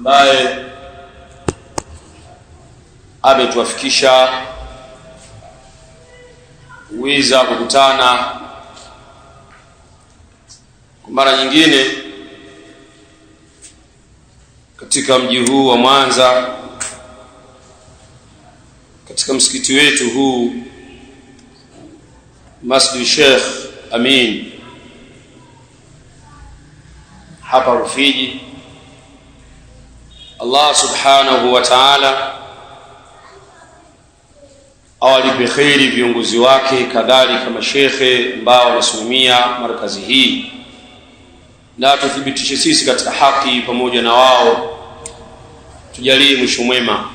ambaye ametuafikisha uwiza kukutana kwa mara nyingine katika mji huu wa Mwanza, katika msikiti wetu huu Masjid Sheikh Amin hapa Rufiji Allah subhanahu wa ta'ala awalipe kheri viongozi wake, kadhalika mashekhe ambao wanasimamia markazi hii, na tuthibitishe sisi katika haki pamoja na wao, tujalie mwisho mwema.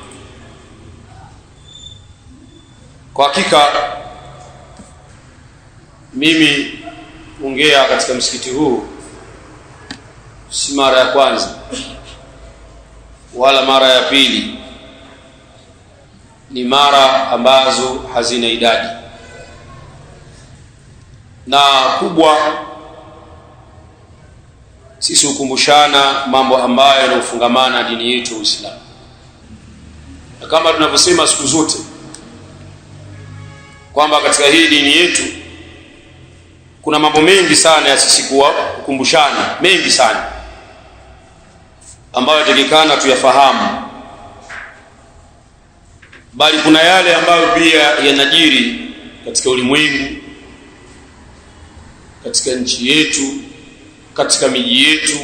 Kwa hakika mimi ongea katika msikiti huu si mara ya kwanza wala mara ya pili ni mara ambazo hazina idadi, na kubwa sisi hukumbushana mambo ambayo yanayofungamana dini yetu Uislamu, na kama tunavyosema siku zote kwamba katika hii dini yetu kuna mambo mengi sana ya sisi kuwa kukumbushana mengi sana ambayo yatakikana tuyafahamu, bali kuna yale ambayo pia yanajiri katika ulimwengu, katika nchi yetu, katika miji yetu.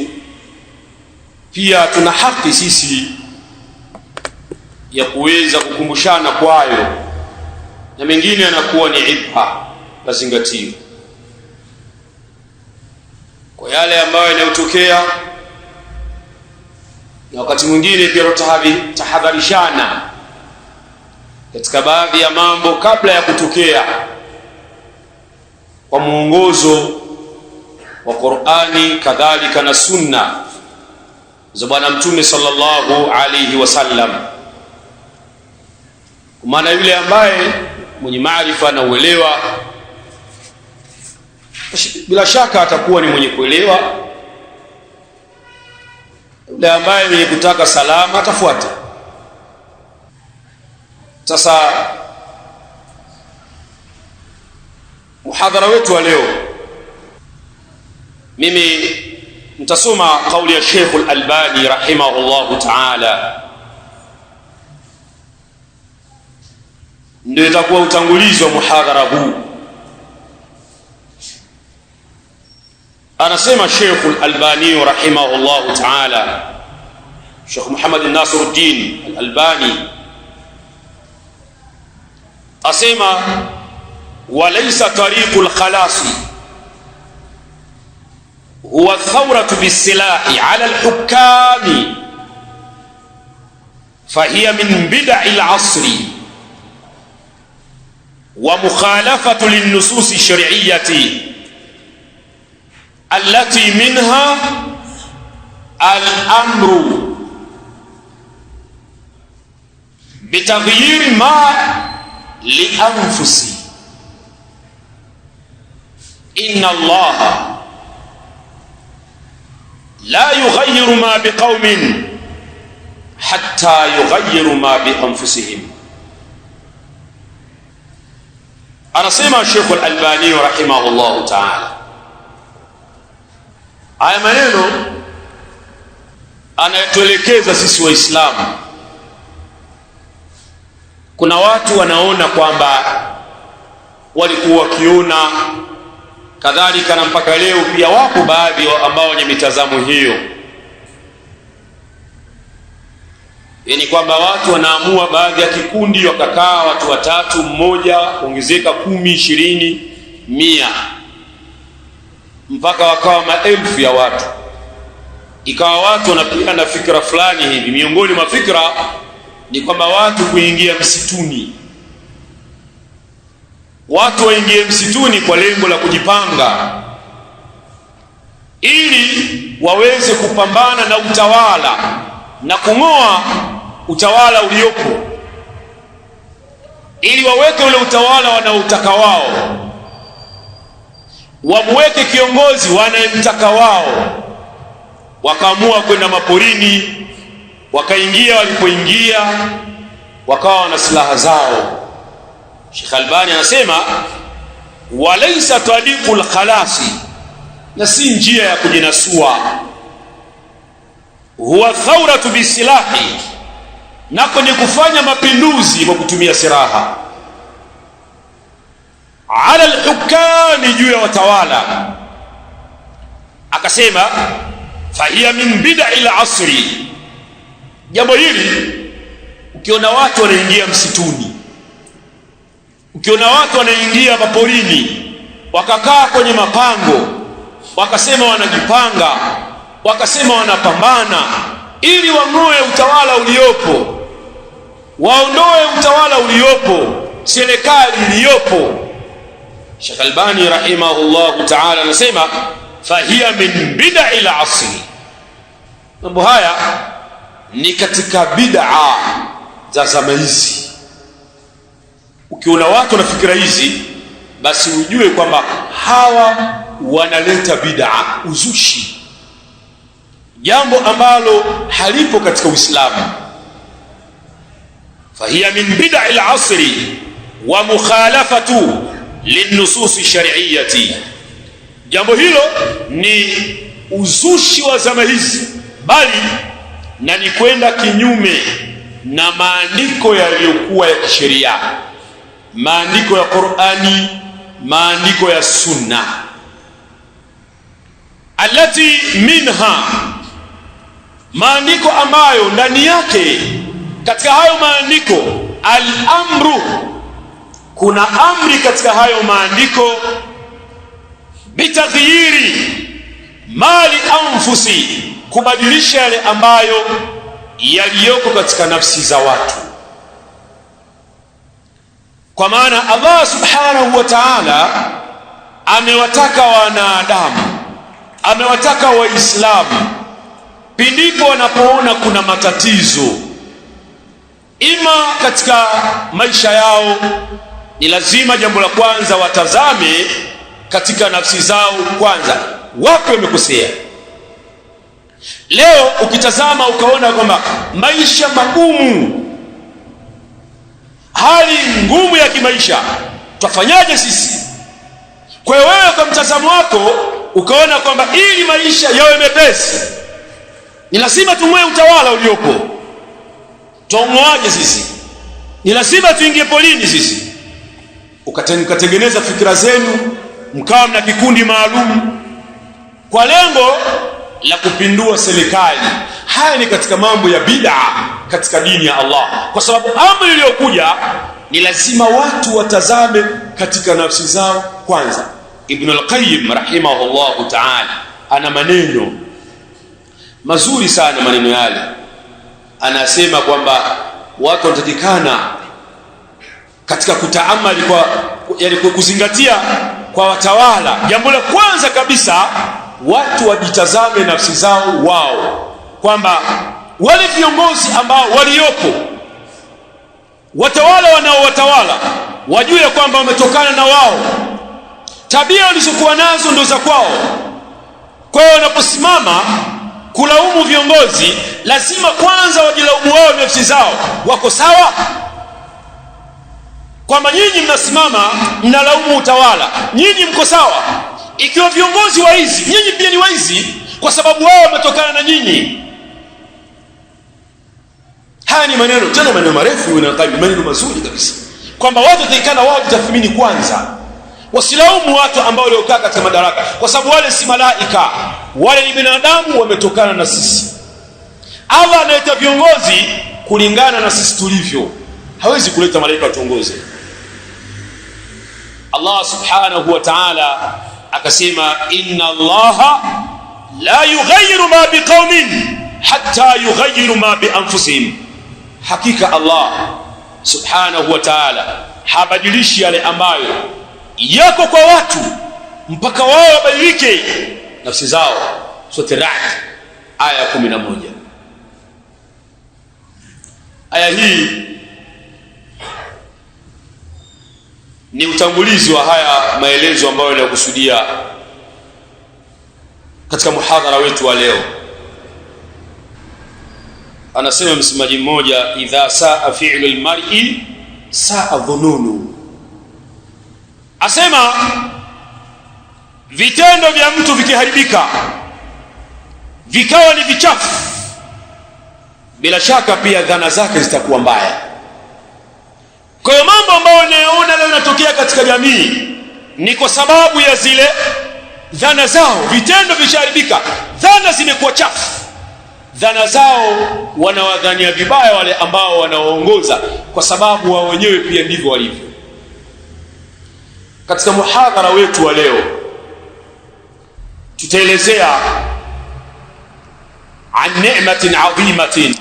Pia tuna haki sisi ya kuweza kukumbushana kwayo, na mengine yanakuwa ni ibha mazingatio kwa yale ambayo yanayotokea na wakati mwingine pia tutahadharishana katika baadhi ya mambo kabla ya kutokea, kwa mwongozo wa Qur'ani kadhalika na sunna za Bwana Mtume sallallahu alayhi wasallam. Kwa maana yule ambaye mwenye maarifa na uelewa, bila shaka atakuwa ni mwenye kuelewa yule ambaye mwenye kutaka salama atafuata. Sasa muhadhara wetu wa leo, mimi nitasoma kauli ya Sheikh al-Albani rahimahullahu ta'ala, ndio itakuwa utangulizi wa muhadhara huu. anasema Sheikh al-Albani rahimahullahu ta'ala Sheikh Muhammad Nasiruddin al-Albani asema walaysa tariqul khalas huwa thawratu bisilahi ala al-hukami fahiya min bid'il asri wa mukhalafatu lin-nusus ash-shar'iyyati التي منها الأمر بتغيير ما لأنفسي إن الله لا يغير ما بقوم حتى يغيروا ما بأنفسهم أنا سيما الشيخ الألباني رحمه الله تعالى Haya maneno anayotuelekeza sisi Waislamu. Kuna watu wanaona kwamba walikuwa wakiona kadhalika, na mpaka leo pia wapo baadhi ambao wenye mitazamo hiyo, yaani kwamba watu wanaamua, baadhi ya kikundi wakakaa watu watatu, mmoja kuongezeka kumi, ishirini, mia mpaka wakawa maelfu ya watu, ikawa watu wanapiga na fikra fulani hivi. Miongoni mwa fikra ni kwamba watu kuingia msituni, watu waingie msituni kwa lengo la kujipanga ili waweze kupambana na utawala na kung'oa utawala uliopo, ili waweke ule utawala wanaotaka wao wamweke kiongozi wanayemtaka wao. Wakaamua kwenda maporini, wakaingia walipoingia, wakawa na silaha zao. Sheikh Albani anasema walaisa tariqul khalasi, na si njia ya kujinasua. Huwa thauratu bisilahi, nako ni kufanya mapinduzi kwa kutumia silaha ala alhukami, juu ya watawala. Akasema fahiya min bidai lasri, jambo hili ukiona watu wanaingia msituni, ukiona watu wanaingia maporini, wakakaa kwenye mapango, wakasema wanajipanga, wakasema wanapambana ili wang'oe utawala uliopo, waondoe utawala uliopo, serikali iliyopo Sheikh Albani rahimahullahu ta'ala anasema fahiya min bid'a ila asri, mambo haya ni katika bid'a za zama hizi. Ukiona watu na fikira hizi, basi ujue kwamba hawa wanaleta bid'a, uzushi, jambo ambalo halipo katika Uislamu. fahiya min bid'a ila asri wa mukhalafatu linususi shariiyati. Jambo hilo ni uzushi wa zama hizi, bali na ni kwenda kinyume na maandiko yaliyokuwa ya kisheria, maandiko ya Qur'ani, maandiko ya Sunna alati minha, maandiko ambayo ndani yake katika hayo maandiko al-amru kuna amri katika hayo maandiko bitaghyiri mali anfusi, kubadilisha yale ambayo yaliyoko katika nafsi za watu. Kwa maana Allah subhanahu wa ta'ala amewataka wanadamu, amewataka Waislamu pindipo wanapoona kuna matatizo ima katika maisha yao ni lazima jambo la kwanza watazame katika nafsi zao kwanza, wapi wamekosea. Leo ukitazama ukaona kwamba maisha magumu, hali ngumu ya kimaisha, twafanyaje sisi? Kwa hiyo wewe kwa mtazamo wako ukaona kwamba ili maisha yawe mepesi, ni lazima tung'oe utawala uliopo. Tung'oaje sisi? Ni lazima tuingie polini sisi mkatengeneza fikira zenu, mkawa na kikundi maalum kwa lengo la kupindua serikali. Haya ni katika mambo ya bid'a katika dini ya Allah, kwa sababu amri iliyokuja ni lazima watu watazame katika nafsi zao kwanza. Ibn al-Qayyim rahimahullahu ta'ala ana maneno mazuri sana, maneno yale anasema kwamba watu wanatakikana katika kutaamali kwa yani kuzingatia kwa watawala, jambo la kwanza kabisa watu wajitazame nafsi zao wao, kwamba wale viongozi ambao waliopo, watawala wanaowatawala, wajue ya kwamba wametokana na wao, tabia walizokuwa nazo ndo za kwao. Kwa hiyo wanaposimama kulaumu viongozi, lazima kwanza wajilaumu wao nafsi zao, wako sawa kwamba nyinyi mnasimama mnalaumu utawala, nyinyi mko sawa. Ikiwa viongozi waizi, nyinyi pia ni waizi, kwa sababu wao wametokana na nyinyi. Haya ni maneno tena, maneno marefu, maneno mazuri kabisa, kwamba watu wataikana wao jitathmini kwanza, wasilaumu watu ambao waliokaa katika madaraka, kwa sababu wale si malaika, wale ni binadamu, wametokana na sisi. Allah anaita viongozi kulingana na sisi tulivyo. Hawezi kuleta malaika watuongoze. Allah subhanahu wa ta'ala akasema inna allaha la yughayyiru ma biqaumin hatta yughayyiru ma bianfusihim, hakika Allah subhanahu wa ta'ala habadilishi yale ambayo yako kwa watu mpaka wao wabadilike nafsi zao. Surati Ra'd aya ya 11. Aya hii ni utangulizi wa haya maelezo ambayo yanakusudia katika muhadhara wetu wa leo. Anasema msimaji mmoja, idha saa fi'lu almar'i saa dhununu, asema vitendo vya mtu vikiharibika vikawa ni vichafu, bila shaka pia dhana zake zitakuwa mbaya kwa hiyo mambo ambayo unayoona leo yanatokea katika jamii ni kwa sababu ya zile dhana zao, vitendo vishaharibika, dhana zimekuwa chafu, dhana zao wanawadhania vibaya wale ambao wanawaongoza, kwa sababu wao wenyewe pia ndivyo walivyo. Katika muhadhara wetu wa leo tutaelezea an ni'matin adhimatin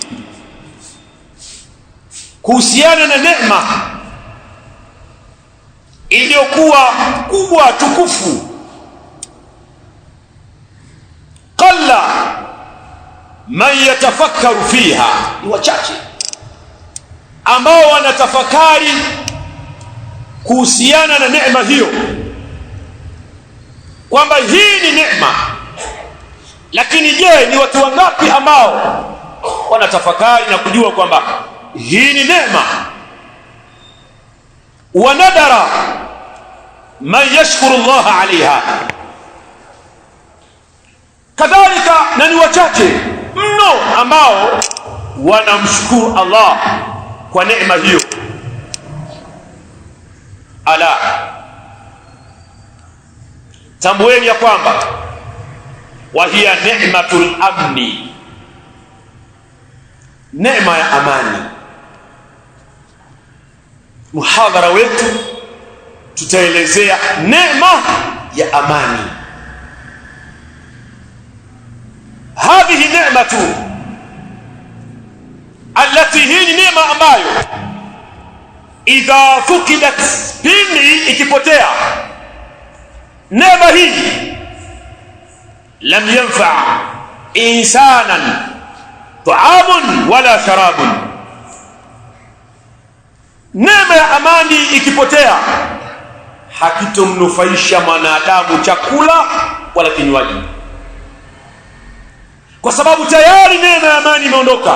kuhusiana na neema iliyokuwa kubwa tukufu qalla man yatafakkaru fiha, ni wachache ambao wanatafakari kuhusiana na neema hiyo kwamba hii ni neema. Lakini je, ni watu wangapi ambao wanatafakari na kujua kwamba hii ni neema wanadara man yashkuru llaha alaiha kadhalika na ni wachache mno ambao wanamshukuru allah kwa neema hiyo ala tambueni ya kwamba wahiya nematul amni neema ya amani muhadhara wetu tutaelezea neema ya amani hadhihi neematu alati hii ni neema ambayo idha fukidat pindi ikipotea neema hii lam yanfa insanan taamun wala sharabun Neema ya amani ikipotea, hakitomnufaisha mwanadamu chakula wala kinywaji, kwa sababu tayari neema ya amani imeondoka.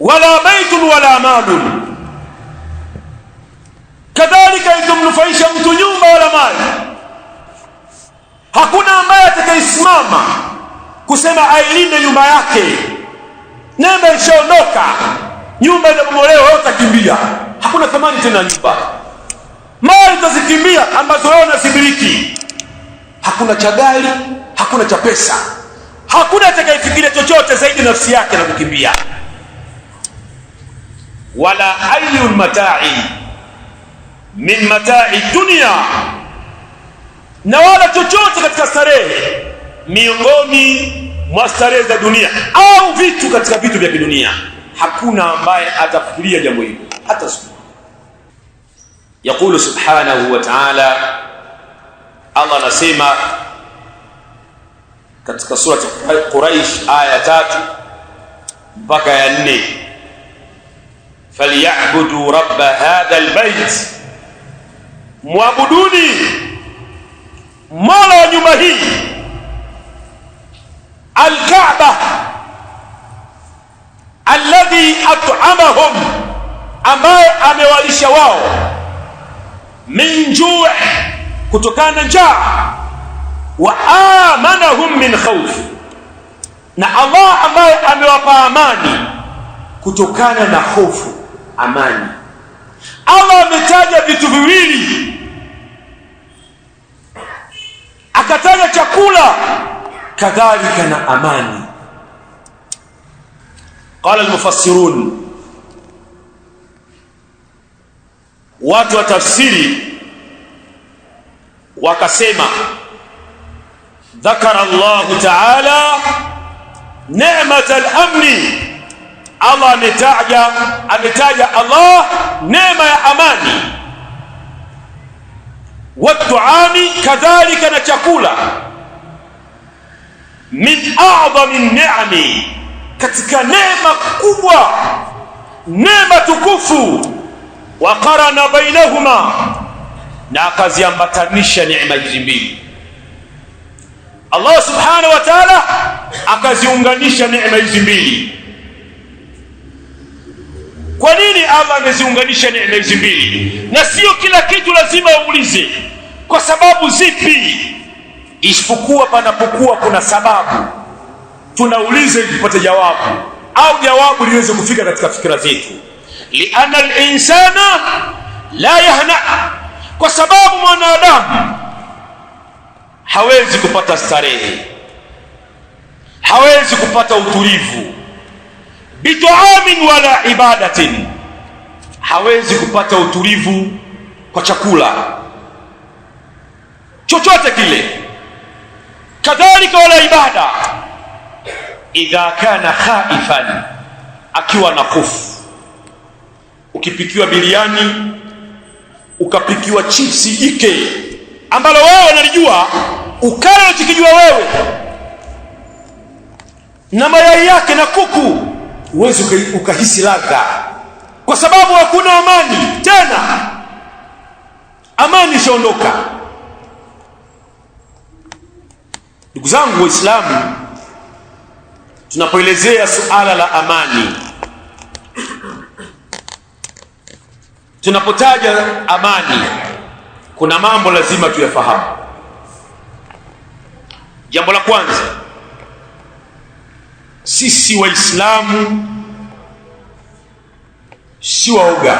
Wala baitun wala malun, kadhalika itomnufaisha mtu nyumba wala mali. Hakuna ambaye atakayesimama kusema ailinde nyumba yake Nembe ishaondoka nyumba inabomolewa, wewe utakimbia, hakuna thamani tena nyumba. Mali utazikimbia ambazo wewe unasibiriki. Hakuna cha gari, hakuna cha pesa, hakuna atakayefikiria chochote zaidi nafsi yake na kukimbia. Wala ayu matai min matai dunia, na wala chochote katika starehe miongoni mwa za dunia au vitu katika vitu vya kidunia, hakuna ambaye atafikiria jambo hilo hata siku. Yaqulu subhanahu wa ta'ala, Allah anasema katika surati Quraish aya ya tatu mpaka ya nne, falyabudu rabba hadha albayt, mwabuduni mola wa nyumba hii alkaaba alladhi at'amahum, ambaye amewalisha wao min jui kutokana na njaa, wa amanahum min khawf, na Allah ambaye amewapa amani kutokana na hofu, amani. Allah ametaja vitu viwili, akataja chakula kadhalika na amani. Qala almufassirun, watu wa tafsiri wakasema, dhakara Allahu taala nemat al-amni Allah ametaja ametaja Allah neema ya amani, wa tuami kadhalika na chakula min adhami ni'ami, katika neema kubwa, neema tukufu. Wa qarana bainahuma, na akaziambatanisha neema hizi mbili. Allah subhanahu wa ta'ala akaziunganisha neema hizi mbili. Kwa nini Allah ameziunganisha neema hizi mbili? Na sio kila kitu lazima uulize, kwa sababu zipi? isipokuwa panapokuwa kuna sababu tunauliza tupate jawabu au jawabu liweze kufika katika fikira zetu. liana linsana la yahna, kwa sababu mwanadamu hawezi kupata starehe, hawezi kupata utulivu, bitaamin wala ibadatin, hawezi kupata utulivu kwa chakula chochote kile kadhalika wala ibada idha kana khaifan, akiwa na hofu. Ukipikiwa biliani ukapikiwa chipsi ike ambalo wewe unalijua ukale ukijua wewe na mayai yake na kuku, uwezi ukahisi ladha, kwa sababu hakuna amani tena, amani ishaondoka. Ndugu zangu Waislamu, tunapoelezea suala la amani, tunapotaja amani, kuna mambo lazima tuyafahamu. Jambo la kwanza, sisi Waislamu si waoga.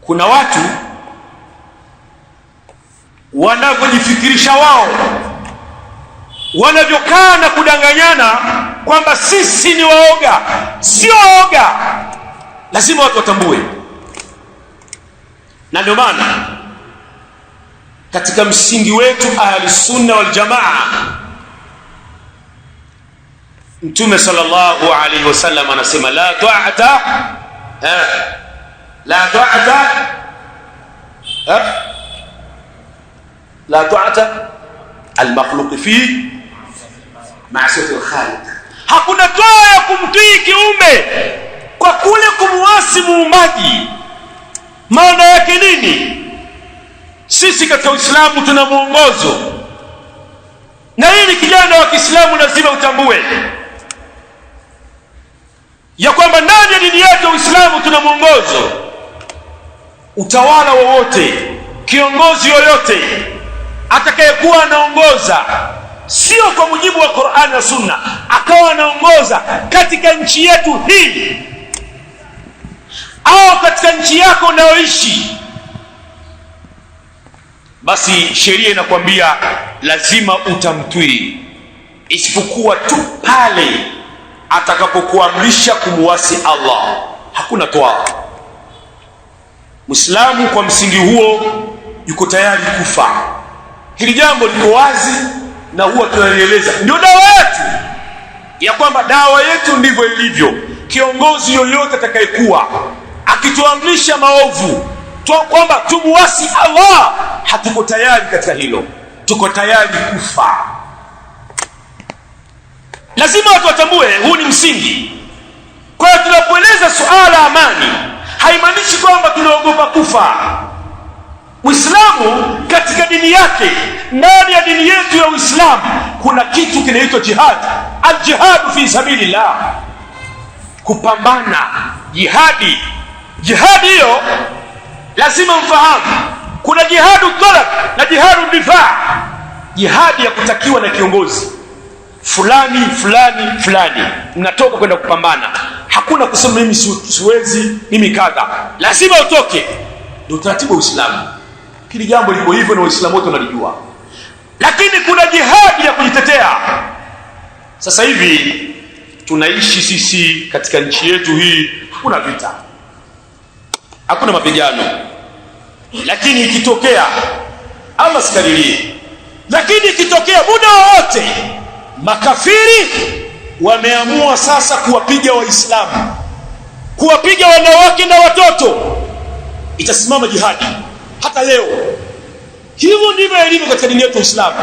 Kuna watu wanavyojifikirisha wao, wanavyokaa na kudanganyana kwamba sisi ni waoga. Sio waoga, lazima watu watambue. Na ndio maana katika msingi wetu Ahlusunna Waljamaa, Mtume sallallahu alaihi wasallam anasema la ta'ata, eh, la ta'ata eh, la tuata al-makhluq fi al-khaliq hakuna toa ya kumtii kiumbe kwa kule kumuasi muumbaji. Maana yake nini? Sisi katika Uislamu tuna mwongozo, na hili kijana wa Kiislamu lazima utambue ya kwamba ndani ya dini yetu Uislamu tuna mwongozo. Utawala wowote, kiongozi yoyote atakayekuwa anaongoza sio kwa mujibu wa quran na Sunna, akawa anaongoza katika nchi yetu hii au katika nchi yako unayoishi, basi sheria inakwambia lazima utamtwii, isipokuwa tu pale atakapokuamrisha kumuasi Allah, hakuna toa. Muislamu kwa msingi huo yuko tayari kufa Hili jambo liko wazi na huwa tunalieleza, ndio dawa yetu ya kwamba dawa yetu ndivyo ilivyo. Kiongozi yoyote atakayekuwa akituamrisha maovu kwamba tumuasi Allah, hatuko tayari katika hilo, tuko tayari kufa. Lazima watu watambue, huu ni msingi. Kwa hiyo tunapoeleza suala amani, haimaanishi kwamba tunaogopa kufa Uislamu katika dini yake, ndani ya dini yetu ya Uislamu kuna kitu kinaitwa jihad, aljihadu fi sabilillah, kupambana, jihadi. Jihadi hiyo lazima mfahamu, kuna jihadu talab na jihadu difa. jihadi ya kutakiwa na kiongozi fulani fulani fulani, mnatoka kwenda kupambana. Hakuna kusema mimi siwezi, mimi kadha, lazima utoke. Ndio utaratibu wa Uislamu. Kili jambo liko hivyo na Waislamu wote wanalijua, lakini kuna jihadi ya kujitetea. Sasa hivi tunaishi sisi katika nchi yetu hii, kuna vita, hakuna mapigano, lakini ikitokea, Allah sikadirie, lakini ikitokea muda wowote makafiri wameamua sasa kuwapiga Waislamu, kuwapiga wanawake na watoto, itasimama jihadi hata leo. Hivyo ndivyo ilivyo katika dini yetu ya Uislamu,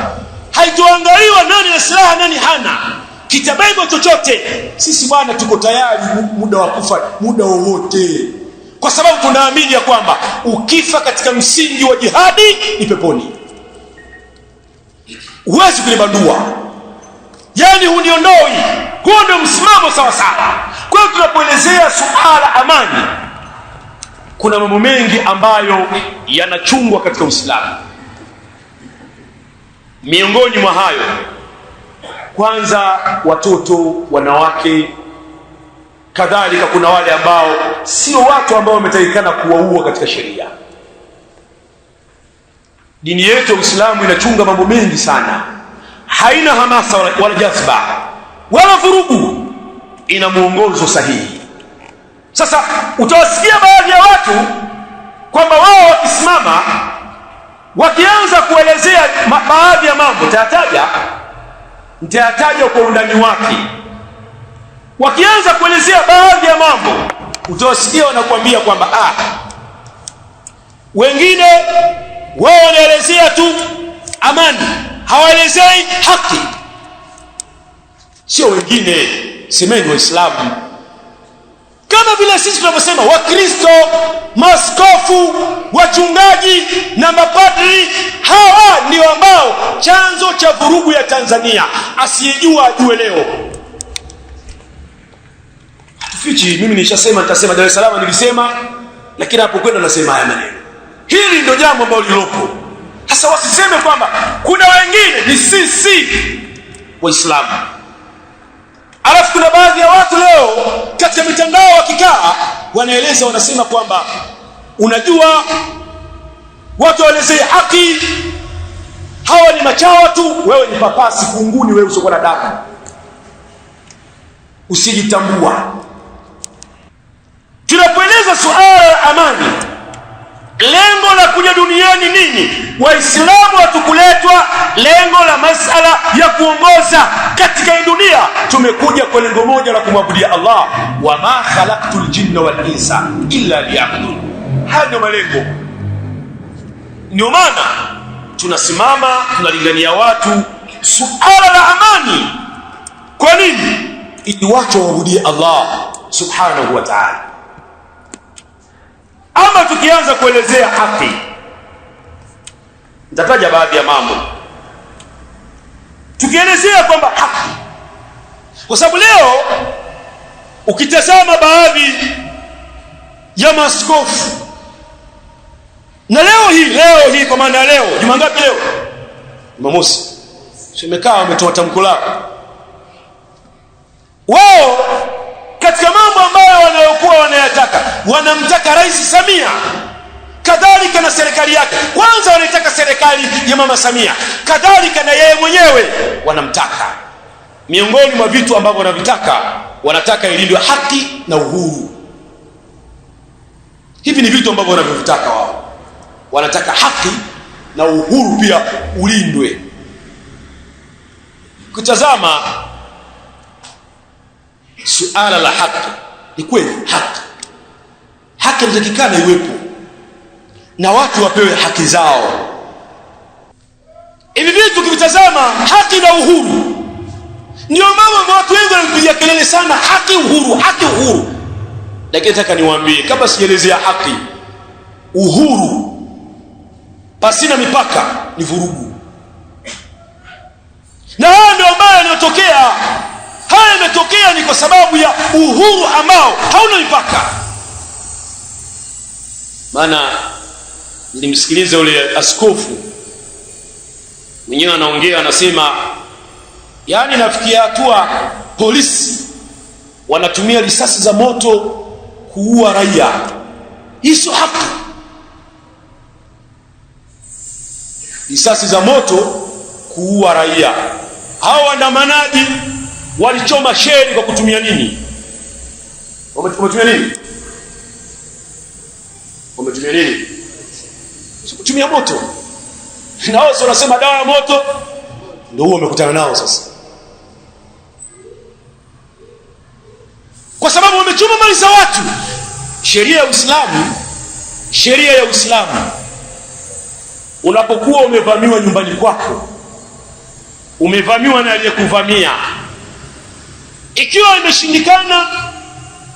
haituangaliwa nani na silaha nani hana kitabible chochote. Sisi bwana, tuko tayari muda wa kufa muda wowote, kwa sababu tunaamini ya kwamba ukifa katika msingi wa jihadi ni peponi, huwezi kulibandua. Yani huniondoi, huo ndio msimamo sawasawa. Kwa hiyo tunapoelezea suala amani kuna mambo mengi ambayo yanachungwa katika Uislamu. Miongoni mwa hayo, kwanza watoto, wanawake, kadhalika kuna wale ambao sio watu ambao wametakikana kuwaua katika sheria. Dini yetu ya Uislamu inachunga mambo mengi sana, haina hamasa wala jazba wala vurugu, ina mwongozo sahihi sasa utawasikia baadhi ya watu kwamba wao wakisimama wakianza kuelezea baadhi ya mambo nitayataja nitayataja kwa undani wake wakianza kuelezea baadhi ya mambo utawasikia wanakuambia kwamba ah wengine wao wanaelezea tu amani hawaelezei haki sio wengine semeni waislamu kama vile sisi tunavyosema Wakristo, maskofu, wachungaji na mapadri, hawa ndio ambao chanzo cha vurugu ya Tanzania. Asiyejua ajue leo. Hatufichi, mimi nishasema, nitasema. Dar es Salaam nilisema, lakini hapo kwenda nasema haya maneno. Hili ndio jambo ambalo lilopo sasa. Wasiseme kwamba kuna wengine, ni sisi Waislamu alafu kuna baadhi ya watu leo katika mitandao wakikaa wanaeleza wanasema kwamba unajua watu waelezee haki hawa ni machawa tu wewe ni papasi kunguni wewe usiokuwa na dada usijitambua tunapoeleza suala la amani lengo la kuja duniani nini waislamu hatukuletwa lengo la masala ya kuongoza katika hii dunia tumekuja kwa lengo moja la kumwabudia allah wama khalaktu ljinna walinsa illa liyabudun haya ndio malengo ndio maana tunasimama tunalingania watu suala la amani kwa nini ili watu waabudie allah subhanahu wa taala ama tukianza kuelezea haki, nitataja baadhi ya mambo tukielezea kwamba haki, kwa sababu leo ukitazama baadhi ya maskofu na leo hii leo hii kwa maana ya leo, juma ngapi leo? Jumamosi. simekaa umetoa tamko lako wao katika mambo ambayo wanayokuwa wanayataka wanamtaka rais Samia kadhalika na serikali yake. Kwanza wanaitaka serikali ya mama Samia, kadhalika na yeye mwenyewe wanamtaka. Miongoni mwa vitu ambavyo wanavitaka, wanataka ilindwe haki na uhuru. Hivi ni vitu ambavyo wanavyovitaka wao, wanataka haki na uhuru pia ulindwe. Kutazama suala la haki ni kweli, haki haki inatakikana iwepo na watu wapewe haki zao. Hivi vitu kivitazama, haki na uhuru, ndio mambo watu wengi wanapiga kelele sana, haki, uhuru, haki, uhuru. Lakini nataka niwaambie, kama sielezea haki, uhuru pasina mipaka ni vurugu, na haya ndio ambayo yanayotokea haya yametokea ni kwa sababu ya uhuru ambao hauna mipaka maana nilimsikiliza yule askofu mwenyewe anaongea anasema yaani nafikia hatua polisi wanatumia risasi za moto kuua raia hiso haki risasi za moto kuua raia hawa waandamanaji walichoma sheri kwa kutumia nini? Wametumia nini? Wametumia nini? Kutumia moto. Na wao wanasema dawa ya moto ndio huo umekutana nao sasa, kwa sababu wamechoma mali za watu. Sheria ya Uislamu, sheria ya Uislamu, unapokuwa umevamiwa nyumbani kwako, umevamiwa na aliyekuvamia ikiwa imeshindikana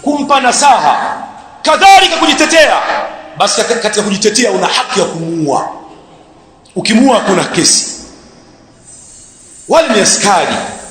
kumpa nasaha kadhalika kujitetea basi katika kujitetea una haki ya kumuua ukimuua kuna kesi wale ni askari